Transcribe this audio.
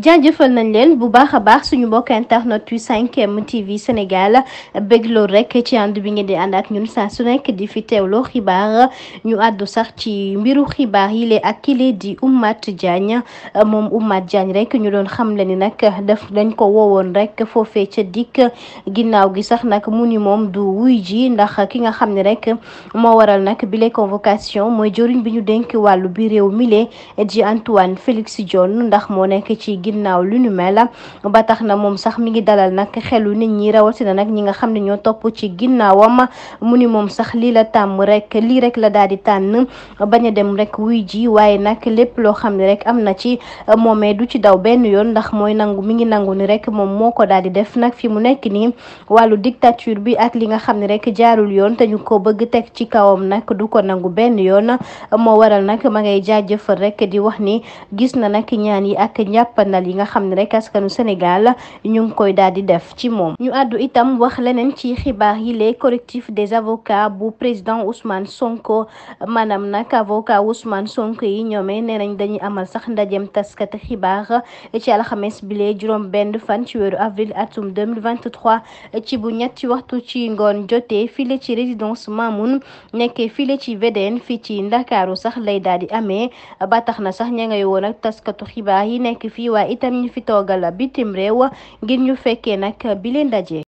jaajëfal nañ leen bu baax a baax suñu mbokk internet yu 5M TV Sénégal bëgg loolu rek ci ànd bi ngeen di ànd ak ñun saa su nekk di fi teewloo xibaar ñu àddu sax ci mbiru xibaar yi lee ak kile di Oumath Diagne moom Oumath Diagne rek ñu doon xam le ni nag def dañ ko woowoon rek foofee ca dikk ginnaaw gi sax nag mu ni moom du wuy ji ndax ki nga xam ne rek moo waral nag bile convocation mooy jëriñ bi ñu dénk wàllu bi réew mi lee di Antoine Félix ginnaaw lu nu ba tax na moom sax mi ngi dalal nag xelu nit ñi rawatina nag ñi nga xam ne ñoo topp ci ginnaawam mu ni moom sax lii la tàmm rek lii rek la daal di tànn bañ a dem rek wuy ji waaye nag lépp loo xam ne rek am na ci moomee du ci daw benn yoon ndax mooy nangu mi ngi nangu ni rek moom moo ko daal di def nag fi mu nekk nii wàllu dictature bi ak li nga xam ne rek jaarul yoon te ñu ko bëgg teg ci kawam nag du ko nangu benn yoon moo waral nag ma ngay jaajëfal rek di wax ni gis na nag ñaan yi ak njàppandal njeexital yi nga xam ne rek askanu Sénégal ñu ngi koy daal di def ci moom ñu àddu itam wax leneen ci xibaar yi les collectif des avocats bu président Ousmane Sonko maanaam nag avocat Ousmane Sonko yi ñoomee nee nañ dañuy amal sax ndajeem taskati xibaar ci alxames bile juróom benn fan ci weeru avril atum 2023 ci bu ñetti waxtu ci ngoon jotee file ci résidence Mamoun nekkee file ci VDN fii ci Ndakaaru sax lay daal di amee ba na sax ña woon ak taskatu xibaar yi nekk itam ñu fi toogal bitim réew ngir ñu fekkee nag bi leen ndaje.